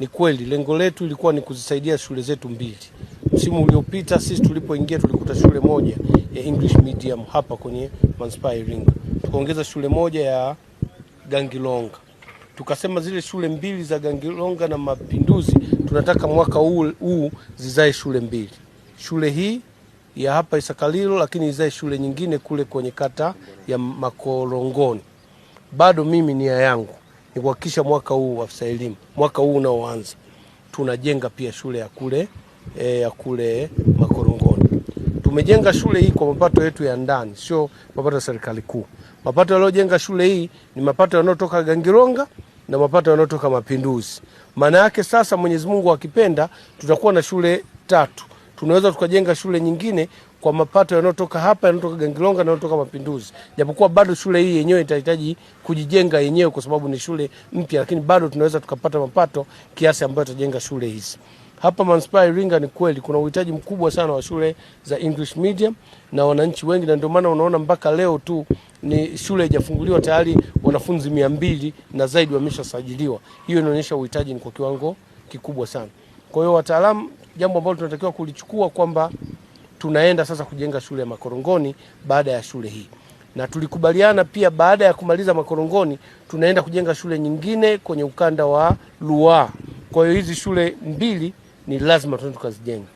Ni kweli lengo letu ilikuwa ni kuzisaidia shule zetu mbili. Msimu uliopita sisi tulipoingia tulikuta shule moja ya English medium hapa kwenye Manispaa ya Iringa, tukaongeza shule moja ya Gangilonga, tukasema zile shule mbili za Gangilonga na Mapinduzi tunataka mwaka huu huu zizae shule mbili, shule hii ya hapa Isakalilo, lakini izae shule nyingine kule kwenye kata ya Makorongoni. Bado mimi nia yangu ni kuhakikisha mwaka huu afisa elimu, mwaka huu unaoanza tunajenga pia shule ya kule e, ya kule Makorongoni. Tumejenga shule hii kwa mapato yetu ya ndani, sio mapato ya serikali kuu. Mapato yaliyojenga shule hii ni mapato yanayotoka Gangironga na mapato yanayotoka Mapinduzi. Maana yake sasa, Mwenyezi Mungu akipenda, tutakuwa na shule tatu. Tunaweza tukajenga shule nyingine kwa mapato yanayotoka hapa, yanayotoka Gangilonga, yanayotoka Mapinduzi, japokuwa bado shule hii yenyewe itahitaji kujijenga yenyewe kwa sababu ni shule mpya, lakini bado tunaweza tukapata mapato kiasi ambayo tutajenga shule hizi hapa manispaa ya Iringa. Ni kweli kuna uhitaji mkubwa sana wa shule za English medium na wananchi wengi, na ndio maana unaona mpaka leo tu ni shule haijafunguliwa tayari wanafunzi mia mbili na zaidi wameshasajiliwa. Hiyo inaonyesha uhitaji ni kwa kiwango kikubwa sana. Kwa hiyo wataalamu, jambo ambalo tunatakiwa kulichukua kwamba tunaenda sasa kujenga shule ya Makorongoni baada ya shule hii, na tulikubaliana pia baada ya kumaliza Makorongoni tunaenda kujenga shule nyingine kwenye ukanda wa Luwa. Kwa hiyo hizi shule mbili ni lazima tuende tukazijenga.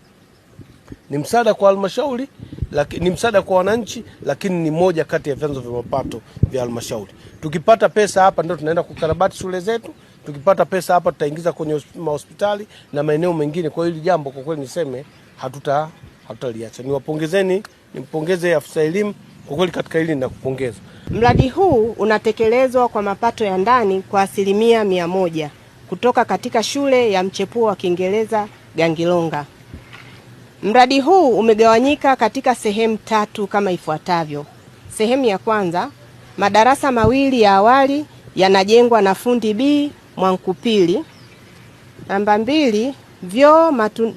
Ni msaada kwa halmashauri lakini ni msaada kwa wananchi, lakini ni moja kati ya vyanzo vya mapato vya halmashauri. Tukipata pesa hapa ndio tunaenda kukarabati shule zetu, tukipata pesa hapa tutaingiza kwenye mahospitali na maeneo mengine. Kwa hiyo hili jambo kwa kweli niseme hatuta hatutaliacha. Niwapongezeni, nimpongeze afisa elimu kwa kweli, katika hili kupongeza. Mradi huu unatekelezwa kwa mapato ya ndani kwa asilimia mia moja kutoka katika shule ya mchepuo wa Kiingereza Gangilonga. Mradi huu umegawanyika katika sehemu tatu kama ifuatavyo. Sehemu ya kwanza, madarasa mawili ya awali yanajengwa na fundi B Mwankupili. Namba mbili, vyoo matu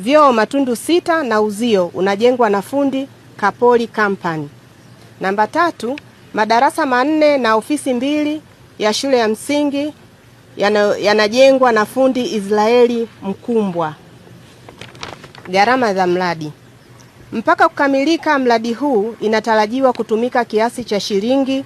vyoo matundu sita na uzio unajengwa na fundi Kapoli Company. Namba tatu, madarasa manne na ofisi mbili ya shule ya msingi yanajengwa yana na fundi Israeli Mkumbwa. Gharama za mradi mpaka kukamilika mradi huu inatarajiwa kutumika kiasi cha shilingi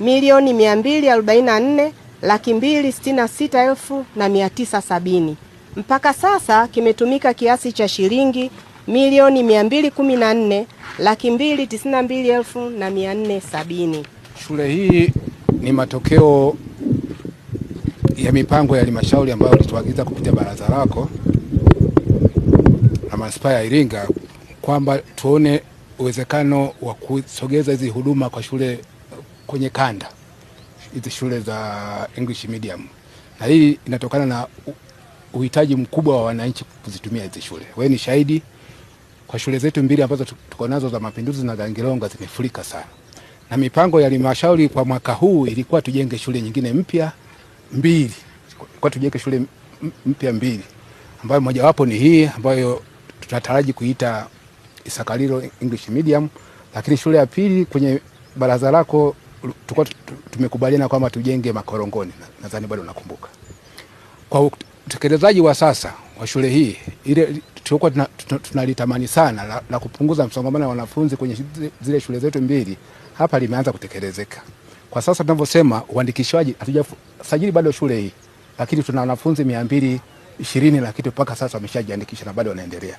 milioni 244 laki mbili sitini na sita elfu na mia tisa sabini. Mpaka sasa kimetumika kiasi cha shilingi milioni 214 laki mbili elfu na sabini. Shule hii ni matokeo ya mipango ya halmashauri ambayo lituagiza kupitia baraza lako na manispaa ya Iringa kwamba tuone uwezekano wa kusogeza hizi huduma kwa shule kwenye kanda hizi shule za English medium, na hii inatokana na uhitaji mkubwa wa wananchi kuzitumia hizi shule. Wewe ni shahidi kwa shule zetu mbili ambazo tuko nazo za Mapinduzi na Gangilonga zimefurika sana, na mipango ya halmashauri kwa mwaka huu ilikuwa tujenge shule nyingine mpya mbili, kwa tujenge shule mpya mbili ambayo mojawapo ni hii ambayo tunataraji kuita Isakalilo English Medium, lakini shule ya pili kwenye baraza lako tulikuwa tumekubaliana kwamba tujenge Makorongoni, nadhani bado nakumbuka kwa utekelezaji wa sasa wa shule hii ile tulikuwa tunalitamani sana la, la kupunguza msongamano wa wanafunzi kwenye zile shule zetu mbili hapa limeanza kutekelezeka. Kwa sasa tunavyosema, uandikishaji hatujasajili bado shule hii, lakini tuna wanafunzi mia mbili ishirini na kitu mpaka sasa wameshajiandikisha na bado wanaendelea.